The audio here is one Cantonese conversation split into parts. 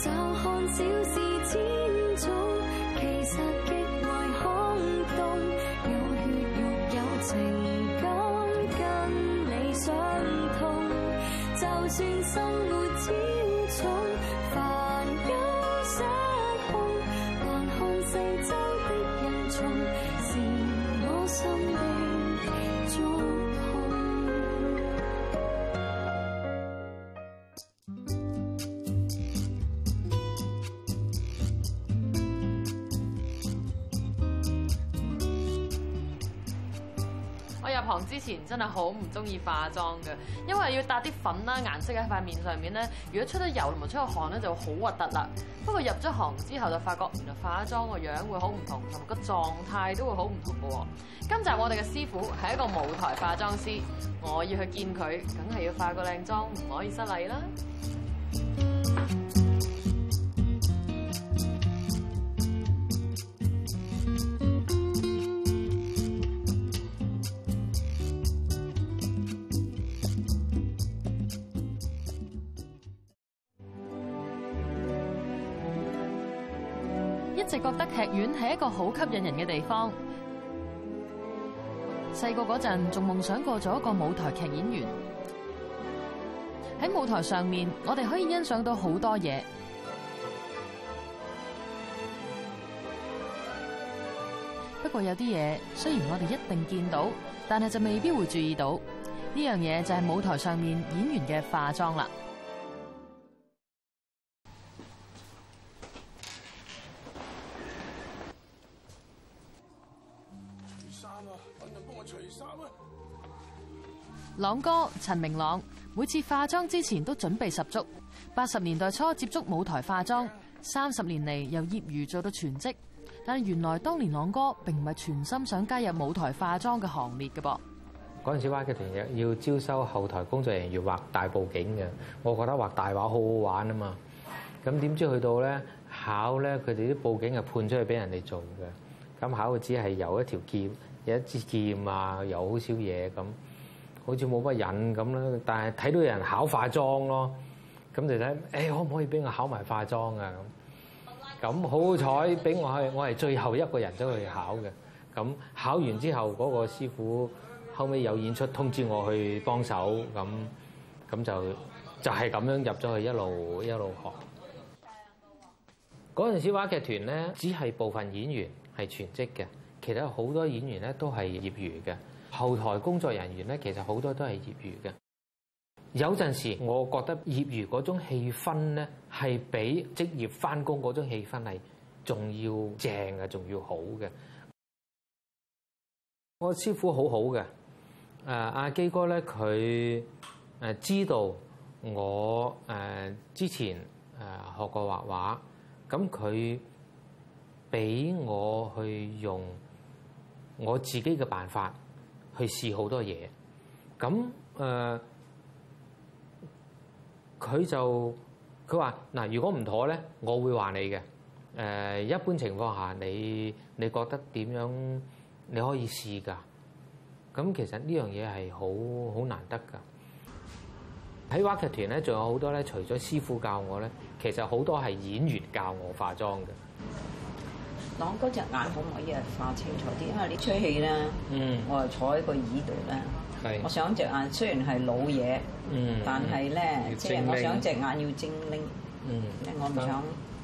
就看小事千種，其實極為空洞。有血肉有情感，跟你相通。就算生活千重，煩憂失控，還看四周的人叢，是我心。行之前真係好唔中意化妝嘅，因為要搭啲粉啦，顏色喺塊面上面咧，如果出咗油同埋出咗汗咧，就會好核突啦。不過入咗行之後就發覺，原來化妝個樣會好唔同，同埋個狀態都會好唔同嘅。今集我哋嘅師傅係一個舞台化妝師，我要去見佢，梗係要化個靚妝，唔可以失禮啦。係一個好吸引人嘅地方。細個嗰陣仲夢想過做一個舞台劇演員。喺舞台上面，我哋可以欣賞到好多嘢。不過有啲嘢雖然我哋一定見到，但係就未必會注意到呢樣嘢，就係舞台上面演員嘅化妝啦。朗哥陳明朗每次化妝之前都準備十足。八十年代初接觸舞台化妝，三十年嚟由業餘做到全職。但係原來當年朗哥並唔係全心想加入舞台化妝嘅行列嘅噃。嗰陣時，Y K 團要要招收後台工作人員畫大布景嘅。我覺得畫大畫好好玩啊嘛。咁點知去到咧考咧，佢哋啲布景係判出去俾人哋做嘅。咁考嘅只係有一條劍，有一支劍啊，有好少嘢咁。好似冇乜癮咁啦，但係睇到有人考化妝咯，咁就睇，誒可唔可以俾我考埋化妝啊？咁咁好彩俾我係我係最後一個人都去考嘅，咁考完之後嗰個師傅，後尾有演出通知我去幫手，咁咁就就係咁樣入咗去一路一路學。嗰陣時話劇團咧，只係部分演員係全職嘅，其他好多演員咧都係業餘嘅。後台工作人員咧，其實好多都係業餘嘅。有陣時，我覺得業餘嗰種氣氛咧，係比職業返工嗰種氣氛係仲要正嘅，仲要好嘅。我師傅好好嘅，誒、啊、阿基哥咧，佢誒知道我誒、啊、之前誒學過畫畫，咁佢俾我去用我自己嘅辦法。去試好多嘢，咁誒佢就佢話：嗱，如果唔妥咧，我會話你嘅。誒、呃，一般情況下，你你覺得點樣？你可以試㗎。咁其實呢樣嘢係好好難得㗎。喺話劇團咧，仲 有好多咧，除咗師傅教我咧，其實好多係演員教我化妝嘅。講嗰隻眼可唔可以係化清楚啲？因為你吹氣啦、嗯，我係坐喺個耳度啦，我想隻眼雖然係老嘢、嗯，但係咧，即係我想隻眼要精靈，因為我唔想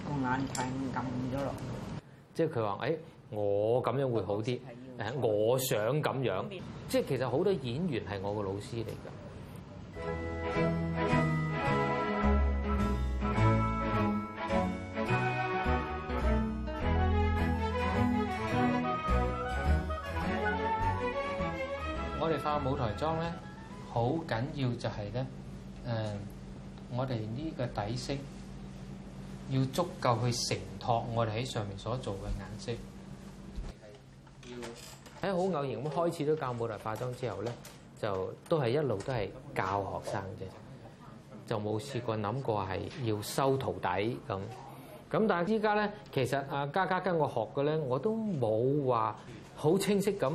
個眼、嗯、想眼太暗咗落去。即係佢話，誒、哎，我咁樣會好啲，誒，我想咁樣。即係其實好多演員係我個老師嚟㗎。舞台妝咧，好緊要就係咧，誒，我哋呢個底色要足夠去承托我哋喺上面所做嘅顏色。喺好偶然咁開始都教舞台化妝之後咧，就都係一路都係教學生啫，就冇試過諗過係要收徒弟咁。咁但係依家咧，其實阿嘉嘉跟我學嘅咧，我都冇話好清晰咁。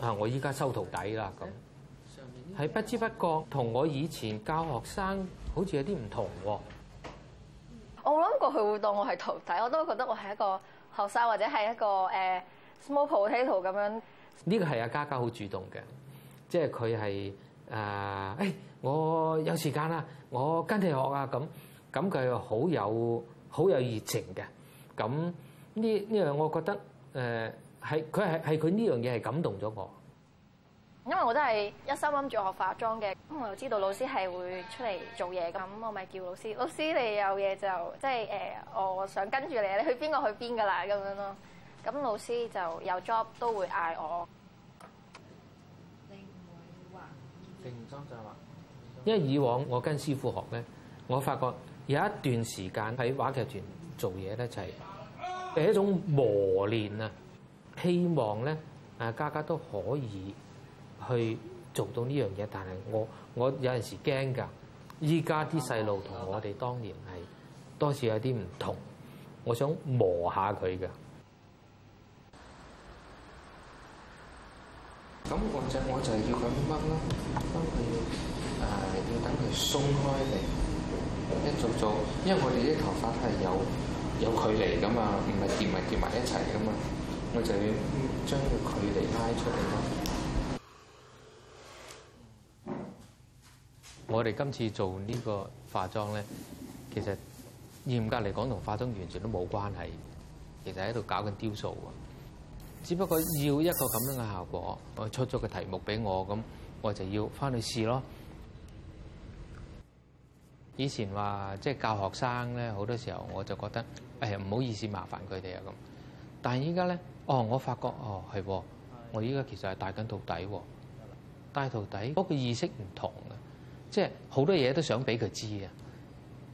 啊！我依家收徒弟啦，咁係不知不覺同我以前教學生好似有啲唔同喎、哦。我冇諗過佢會當我係徒弟，我都覺得我係一個學生或者係一個誒、uh, small potato 咁樣。呢、呢個係阿嘉嘉好主動嘅，即係佢係誒，uh, 哎，我有時間啦，我跟你學啊，咁咁佢好有好有熱情嘅。咁呢呢樣、呢個、我覺得誒。Uh, 係佢係係佢呢樣嘢係感動咗我，因為我都係一心諗住學化妝嘅，咁我又知道老師係會出嚟做嘢咁，我咪叫老師。老師你有嘢就即係誒、呃，我想跟住你，你去邊個，去邊噶啦咁樣咯。咁老師就有 job 都會嗌我。定裝就係話，因為以往我跟師傅學咧，我發覺有一段時間喺話劇團做嘢咧，就係係一種磨練啊。希望咧，誒家家都可以去做到呢樣嘢。但係我我有陣時驚㗎，依家啲細路同我哋當年係多少有啲唔同。我想磨下佢㗎。咁或者我就要咁掹啦，掹佢要誒要等佢鬆開嚟一做做，因為我哋啲頭髮係有有距離㗎嘛，唔係結埋結埋一齊㗎嘛。我就要將佢哋拉出嚟咯。我哋今次做呢個化妝咧，其實嚴格嚟講同化妝完全都冇關係，其實喺度搞緊雕塑啊！只不過要一個咁樣嘅效果，我出咗個題目俾我，咁我就要翻去試咯。以前話即係教學生咧，好多時候我就覺得誒唔好意思麻煩佢哋啊咁，但係依家咧。哦，我發覺哦係，我依家其實係帶緊徒弟喎，帶徒弟嗰個意識唔同嘅，即係好多嘢都想俾佢知啊。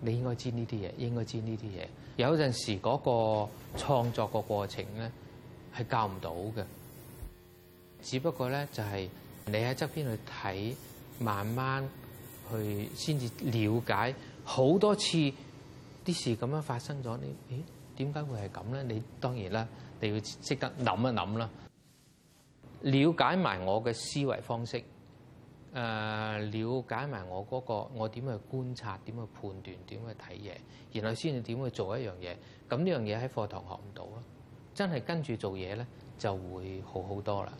你應該知呢啲嘢，應該知呢啲嘢。有陣時嗰個創作個過程咧係教唔到嘅，只不過咧就係你喺側邊去睇，慢慢去先至了解好多次啲事咁樣發生咗，你咦點解會係咁咧？你當然啦。你要識得諗一諗啦，了解埋我嘅思維方式，誒、呃，了解埋我嗰、那個我點去觀察、點去判斷、點去睇嘢，然後先至點去做一樣嘢。咁呢樣嘢喺課堂學唔到咯，真係跟住做嘢咧就會好好多啦。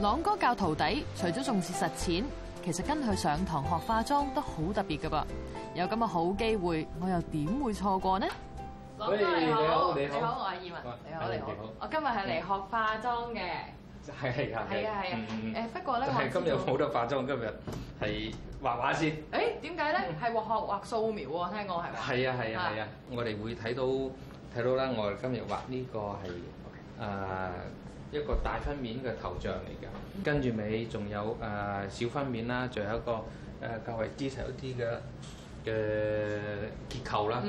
朗哥教徒弟，除咗重視實踐。其實跟佢上堂學化妝都好特別噶噃，有咁嘅好機會，我又點會錯過呢？你好，你好，你好，我係葉文，你好，你好，我今日係嚟學化妝嘅，係係係，係啊係啊，誒不過咧，我今日冇好多化妝，今日係畫畫先，誒點解咧？係學畫素描喎，聽講係咪？係啊係啊係啊，我哋會睇到睇到啦，我今日畫呢個係啊。一個大分面嘅頭像嚟嘅，跟住尾仲有誒、呃、小分面啦，仲有一個誒、呃、較為姿勢一啲嘅嘅結構啦。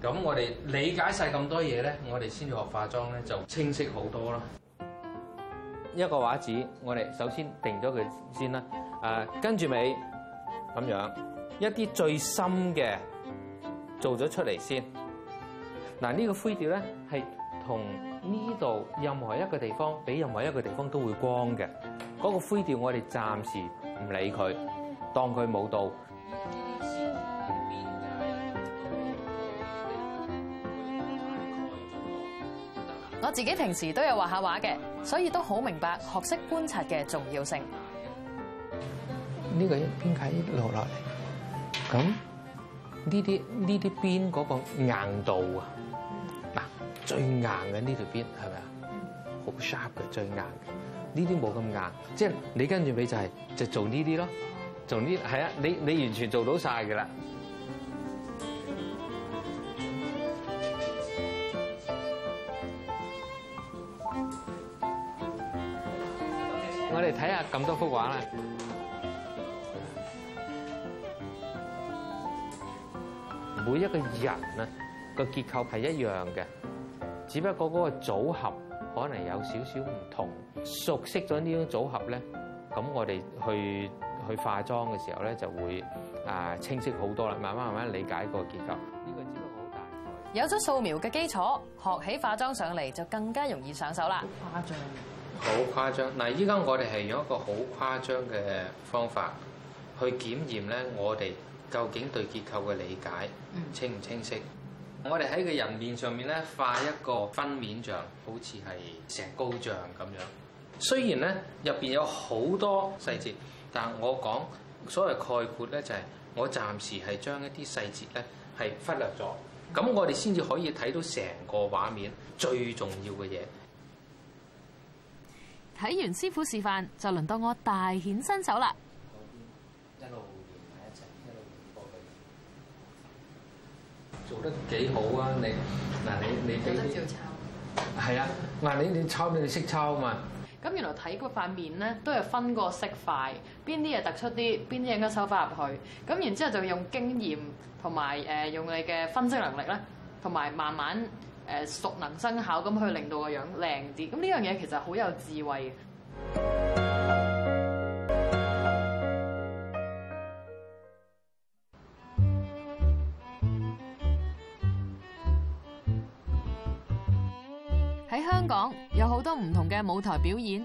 咁、嗯、我哋理解晒咁多嘢咧，我哋先要學化妝咧，就清晰好多啦。一個畫紙，我哋首先定咗佢先啦。誒、呃，跟住尾咁樣，一啲最深嘅做咗出嚟先。嗱、呃，呢、這個灰調咧係。同呢度任何一個地方比任何一個地方都會光嘅，嗰個灰調，我哋暫時唔理佢，當佢冇到。我自己平時都有畫下畫嘅，所以都好明白學識觀察嘅重要性這。呢個邊界落落嚟，咁呢啲呢啲邊嗰個硬度啊？最硬嘅呢條邊係咪啊？好 sharp 嘅，最硬嘅。呢啲冇咁硬，即係你跟住尾就係就做呢啲咯，做呢係啊，你你完全做到晒㗎啦。我哋睇下咁多幅畫啦。每一個人啊，個結構係一樣嘅。只不過嗰個組合可能有少少唔同，熟悉咗呢種組合咧，咁我哋去去化妝嘅時候咧就會啊清晰好多啦，慢慢慢慢理解個結構。呢、呢個只不過好大。有咗素描嘅基礎，學起化妝上嚟就更加容易上手啦。好誇張。好誇張！嗱，依家我哋係用一個好誇張嘅方法去檢驗咧，我哋究竟對結構嘅理解、嗯、清唔清晰？我哋喺個人面上面咧，化一個分面像，好似係石膏像咁樣。雖然咧入邊有好多細節，但係我講所謂概括咧，就係我暫時係將一啲細節咧係忽略咗。咁我哋先至可以睇到成個畫面最重要嘅嘢。睇完師傅示範，就輪到我大顯身手啦！做得幾好啊！你嗱你你俾，係啊嗱你你，你，你抄你識抄啊嘛。咁原來睇嗰塊面咧，都係分個色塊，邊啲係突出啲，邊啲應該收翻入去。咁然之後就用經驗同埋誒用你嘅分析能力咧，同埋慢慢誒熟能生巧咁去令到個樣靚啲。咁呢樣嘢其實好有智慧嘅。嘅舞台表演，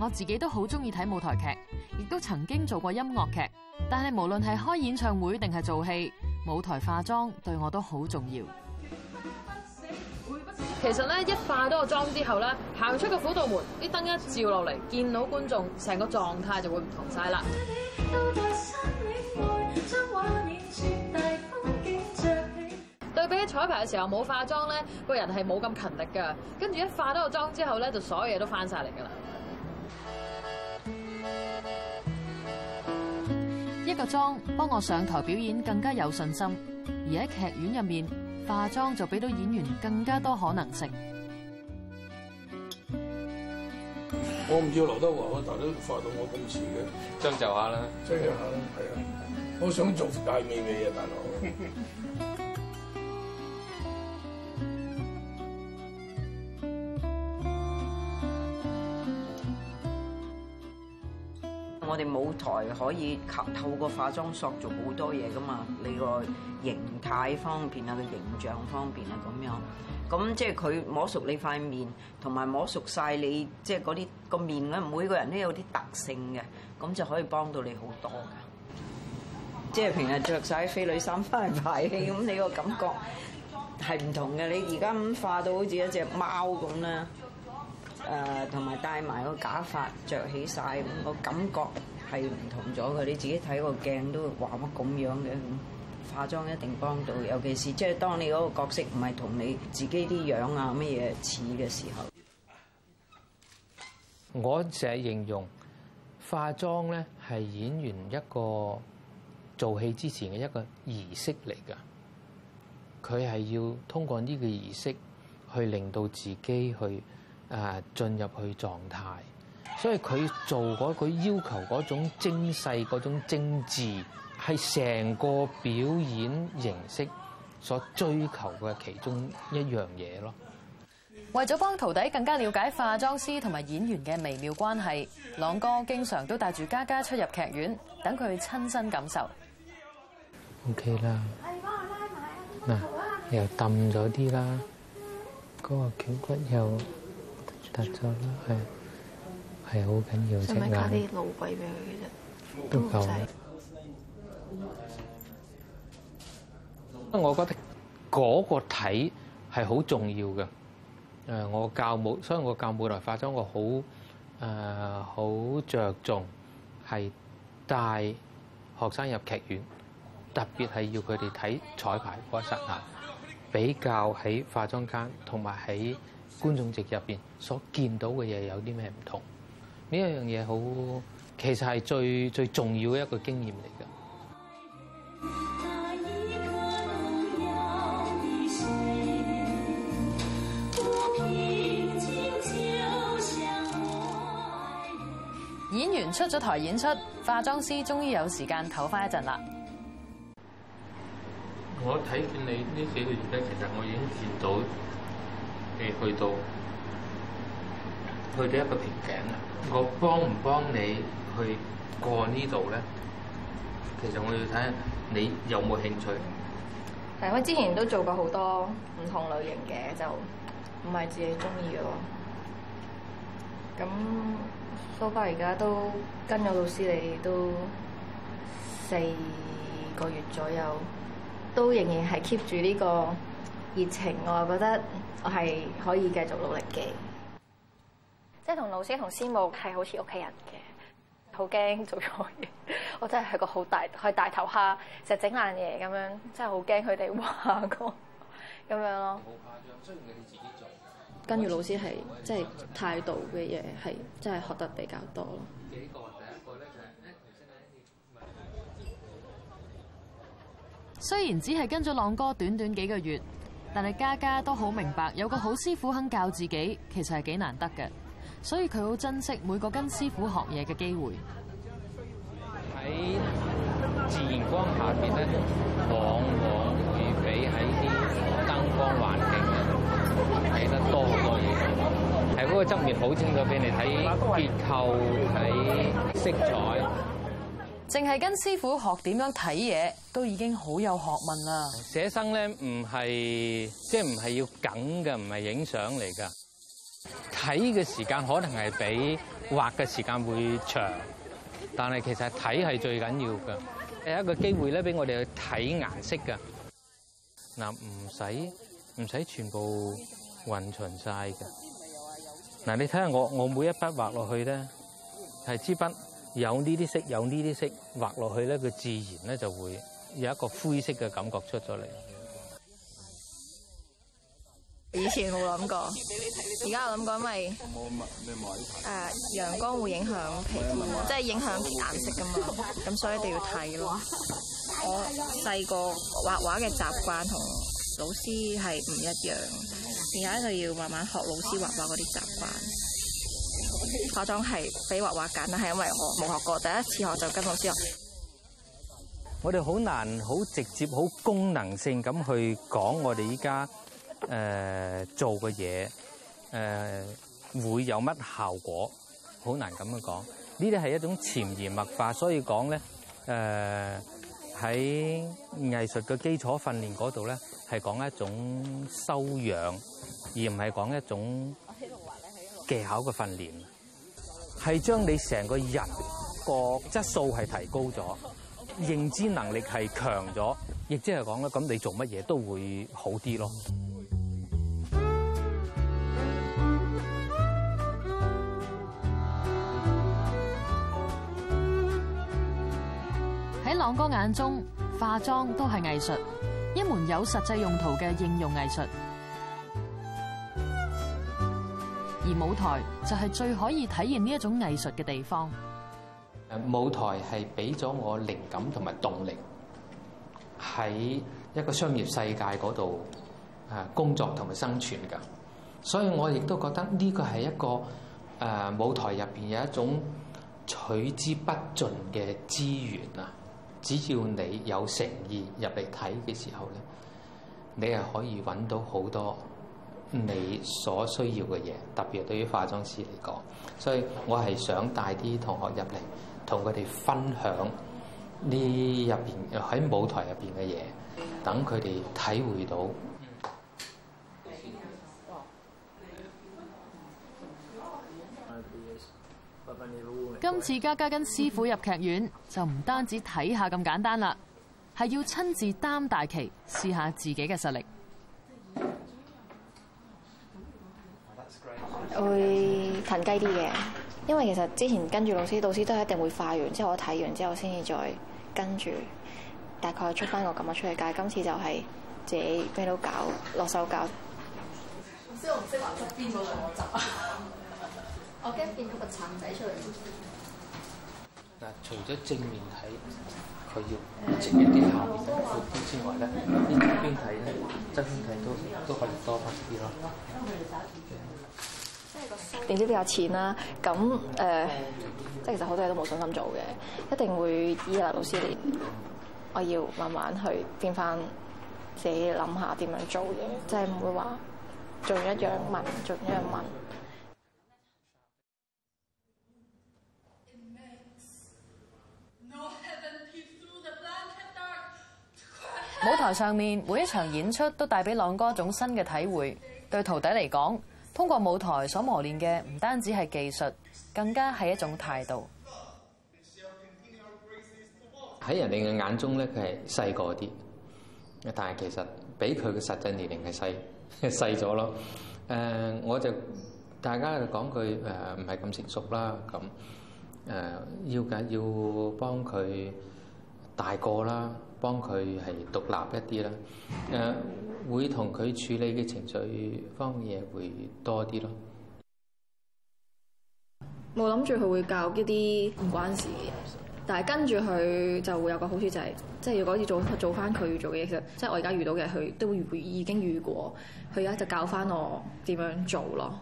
我自己都好中意睇舞台劇，亦都曾經做過音樂劇。但係無論係開演唱會定係做戲，舞台化妝對我都好重要。其實咧，一化咗個妝之後咧，行出個虎度門，啲燈一照落嚟，見到觀眾，成個狀態就會唔同晒啦。彩排嘅時候冇化妝咧，個人係冇咁勤力噶。跟住一化咗個妝之後咧，就所有嘢都翻晒嚟噶啦。一個妝幫我上台表演更加有信心，而喺劇院入面化妝就俾到演員更加多可能性我不。我唔要劉德華啊，大佬化到我今次嘅，將就下啦，將就下啦，係啊，我想做大美美啊，大佬。 我哋舞台可以透過化妝塑造好多嘢噶嘛，你個形態方面啊，個形象方面啊，咁樣，咁即係佢摸熟你塊面，同埋摸熟晒你，即係嗰啲個面咧，每個人都有啲特性嘅，咁就可以幫到你好多㗎。即 係平日着晒飛女衫翻嚟排戲，咁你個感覺係唔同嘅。你而家咁化到好似一隻貓咁咧。誒，同埋戴埋個假髮，着起曬咁，個感覺係唔同咗嘅。你自己睇個鏡都會話乜咁樣嘅？咁化妝一定幫到，尤其是即係當你嗰個角色唔係同你自己啲樣啊乜嘢似嘅時候，我成日形容化妝咧係演員一個做戲之前嘅一個儀式嚟㗎。佢係要通過呢個儀式去令到自己去。誒，進入去狀態，所以佢做嗰，佢要求嗰種精細、嗰種精緻，係成個表演形式所追求嘅其中一樣嘢咯。為咗幫徒弟更加了解化妝師同埋演員嘅微妙關係，朗哥經常都帶住嘉嘉出入劇院，等佢親身感受。OK 啦，嗱、啊，又揼咗啲啦，嗰、啊、個頸骨又～特質啦，係係好緊要。使唔使加啲老鬼俾佢嘅啫？都夠。因為我覺得嗰個睇係好重要嘅。誒，我教舞，所以我教舞台化妝，我好誒好着重係帶學生入劇院，特別係要佢哋睇彩排嗰一剎那，比較喺化妝間同埋喺。觀眾席入邊所見到嘅嘢有啲咩唔同？呢一樣嘢好，其實係最最重要嘅一個經驗嚟㗎。演員出咗台演出，化妝師終於有時間唞翻一陣啦。我睇見你呢幾個月咧，其實我已經見到。你去到去到一個瓶頸啊！我幫唔幫你去過這裡呢度咧？其實我要睇下你有冇興趣。係，我之前都做過好多唔同類型嘅，就唔係自己中意嘅喎。咁 So far 而家都跟咗老師，你都四個月左右，都仍然係 keep 住呢個熱情，我覺得我係可以繼續努力嘅。即係同老師同師母係好似屋企人嘅，好驚做錯嘢。我真係係個好大係大頭蝦，成日整爛嘢咁樣，真係好驚佢哋話我咁樣咯。好誇張，出面嘅事自己做。跟住老師係即係態度嘅嘢係真係學得比較多咯。幾個第一個咧就係咧，首先咧，雖然只係跟咗朗哥短短幾個月。但係，嘉嘉都好明白，有個好師傅肯教自己，其實係幾難得嘅，所以佢好珍惜每個跟師傅學嘢嘅機會。喺自然光下面，咧，往往會比喺啲燈光環境睇得多好多嘢。喺嗰個側面好清楚俾你睇結構，睇色彩。淨係跟師傅學點樣睇嘢，都已經好有學問啦。寫生咧，唔係即係唔係要緊噶，唔係影相嚟噶。睇嘅時間可能係比畫嘅時間會長，但係其實睇係最緊要噶。有一個機會咧，俾我哋去睇顏色噶。嗱，唔使唔使全部勻勻晒噶。嗱，你睇下我我每一筆畫落去咧，係支筆。有呢啲色，有呢啲色畫落去咧，佢自然咧就會有一個灰色嘅感覺出咗嚟。以前冇諗過，而家我諗過，因為誒陽光會影響皮膚，即係、就是、影響顏色噶嘛，咁所以一定要睇咯。我細個畫畫嘅習慣同老師係唔一樣，而家就要慢慢學老師畫畫嗰啲習慣。化妝係比畫畫簡單，係因為我冇學過，第一次學就跟老師學。我哋好難好直接好功能性咁去講我哋依家誒做嘅嘢誒會有乜效果？好難咁樣講。呢啲係一種潛移默化，所以講咧誒喺藝術嘅基礎訓練嗰度咧，係講一種修養，而唔係講一種技巧嘅訓練。係將你成個人個質素係提高咗，認知能力係強咗，亦即係講咧，咁你做乜嘢都會好啲咯。喺朗哥眼中，化妝都係藝術，一門有實際用途嘅應用藝術。而舞台就係最可以體現呢一種藝術嘅地方。誒舞台係俾咗我靈感同埋動力，喺一個商業世界嗰度誒工作同埋生存㗎。所以我亦都覺得呢個係一個誒舞台入邊有一種取之不盡嘅資源啊！只要你有誠意入嚟睇嘅時候咧，你係可以揾到好多。你所需要嘅嘢，特別係對於化妝師嚟講，所以我係想帶啲同學入嚟，同佢哋分享呢入邊喺舞台入邊嘅嘢，等佢哋體會到。今次嘉嘉跟師傅入劇院，就唔單止睇下咁簡單啦，係要親自擔大旗，試下自己嘅實力。會騰雞啲嘅，因為其實之前跟住老師，老師都係一定會化完之後我睇完之後先至再跟住大概出翻個咁嘅出嚟，但係今次就係自己咩都搞，落手搞。唔識我唔識畫出邊嗰兩個集，我驚變到個橙仔出嚟。嗱，除咗正面睇，佢要正面啲，下面睇之外咧，邊睇咧側邊睇都都可以多拍啲咯。點知比較淺啦？咁誒，即、呃、係其實好多嘢都冇信心做嘅，一定會依賴老師嚟。我要慢慢去變返自己，諗下點樣做嘢，即係唔會話做一樣問做一樣問。舞台上面每一場演出都帶俾朗哥一種新嘅體會，對徒弟嚟講。通過舞台所磨練嘅唔單止係技術，更加係一種態度。喺人哋嘅眼中咧，佢係細過啲，但係其實比佢嘅實際年齡係細細咗咯。誒、呃，我就大家就講句誒，唔係咁成熟啦。咁誒、呃，要緊要幫佢大個啦。幫佢係獨立一啲啦，誒會同佢處理嘅情緒方面嘢會多啲咯。冇諗住佢會教一啲唔關事嘅嘢，但係跟住佢就會有個好處，就係即係如果要做做翻佢要做嘅嘢，其實即係我而家遇到嘅佢都遇已經遇過，佢而家就教翻我點樣做咯。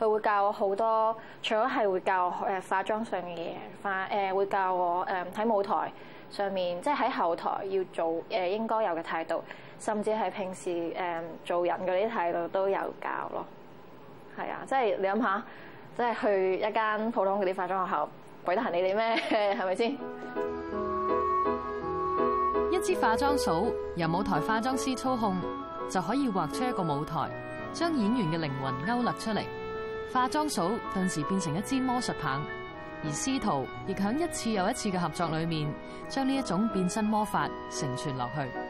佢會教我好多，除咗係會教誒化妝上嘅嘢，化誒、呃、會教我誒睇、呃、舞台。上面即係喺後台要做誒應該有嘅態度，甚至係平時誒做人嗰啲態度都有教咯。係啊，即係你諗下，即係去一間普通嗰啲化妝學校，鬼得閒你哋咩？係咪先？一支化妝掃由舞台化妝師操控，就可以畫出一個舞台，將演員嘅靈魂勾勒出嚟。化妝掃頓時變成一支魔術棒。而師徒亦響一次又一次嘅合作裏面，將呢一種變身魔法承傳落去。